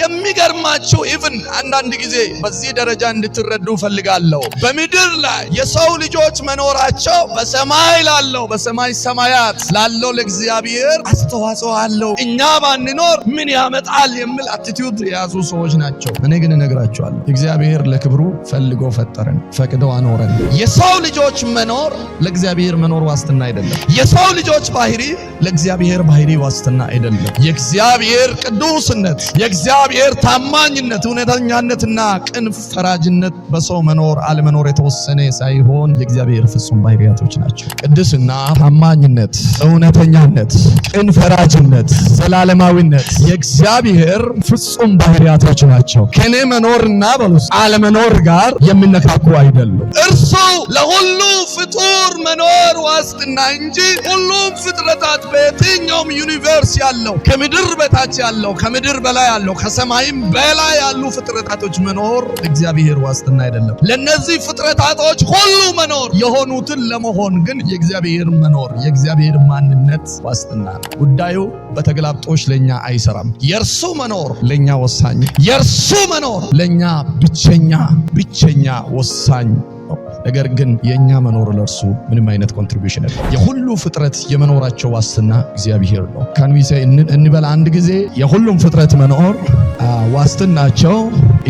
የሚገርማቸው ኢቭን አንዳንድ ጊዜ በዚህ ደረጃ እንድትረዱ ፈልጋለሁ። በምድር ላይ የሰው ልጆች መኖራቸው በሰማይ ላለው በሰማይ ሰማያት ላለው ለእግዚአብሔር አስተዋጽኦ አለው። እኛ ባንኖር ምን ያመጣል የሚል አቲቲዩድ የያዙ ሰዎች ናቸው። እኔ ግን እነግራቸዋለሁ እግዚአብሔር ለክብሩ ፈልጎ ፈጠረን፣ ፈቅደው አኖረን። የሰው ልጆች መኖር ለእግዚአብሔር መኖር ዋስትና አይደለም። የሰው ልጆች ባህሪ ለእግዚአብሔር ባህሪ ዋስትና አይደለም። የእግዚአብሔር ቅዱስነት የእግዚአብሔር ታማኝነት እውነተኛነትና ቅን ፈራጅነት በሰው መኖር አለመኖር የተወሰነ ሳይሆን የእግዚአብሔር ፍጹም ባህሪያቶች ናቸው። ቅድስና፣ ታማኝነት፣ እውነተኛነት፣ ቅን ፈራጅነት፣ ዘላለማዊነት የእግዚአብሔር ፍጹም ባህሪያቶች ናቸው። ከኔ መኖርና በሉስ አለመኖር ጋር የሚነካኩ አይደሉም። እርሱ ለሁሉ መኖር ዋስትና እንጂ ሁሉም ፍጥረታት በየትኛውም ዩኒቨርስ ያለው ከምድር በታች ያለው ከምድር በላይ ያለው ከሰማይም በላይ ያሉ ፍጥረታቶች መኖር እግዚአብሔር ዋስትና አይደለም። ለነዚህ ፍጥረታቶች ሁሉ መኖር የሆኑትን ለመሆን ግን የእግዚአብሔር መኖር የእግዚአብሔር ማንነት ዋስትና ነው። ጉዳዩ በተገላብጦች ለእኛ አይሰራም። የእርሱ መኖር ለእኛ ወሳኝ፣ የእርሱ መኖር ለእኛ ብቸኛ ብቸኛ ወሳኝ ነገር ግን የእኛ መኖር ለእርሱ ምንም አይነት ኮንትሪቢሽን የለም። የሁሉ ፍጥረት የመኖራቸው ዋስትና እግዚአብሔር ነው። ካንቢሰ እንበል አንድ ጊዜ የሁሉም ፍጥረት መኖር uh, ዋስትናቸው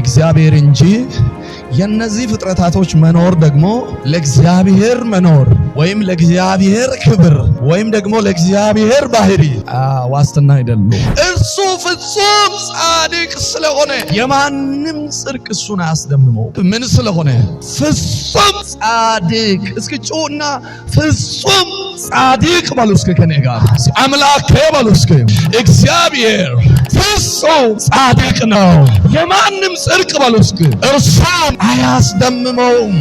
እግዚአብሔር እንጂ የነዚህ ፍጥረታቶች መኖር ደግሞ ለእግዚአብሔር መኖር ወይም ለእግዚአብሔር ክብር ወይም ደግሞ ለእግዚአብሔር ባህሪ ዋስትና አይደሉም። እሱ ፍጹም ጻድቅ ስለሆነ የማንም ጽድቅ እሱን አያስደምመው። ምን ስለሆነ ፍጹም ጻድቅ። እስኪ ጩና ፍጹም ጻድቅ በሉ እስኪ ከኔ ጋር አምላኬ በሉ እስኪ። እግዚአብሔር ፍጹም ጻድቅ ነው፣ የማንም ጽድቅ በሉ እስኪ እርሱ አያስደምመውም።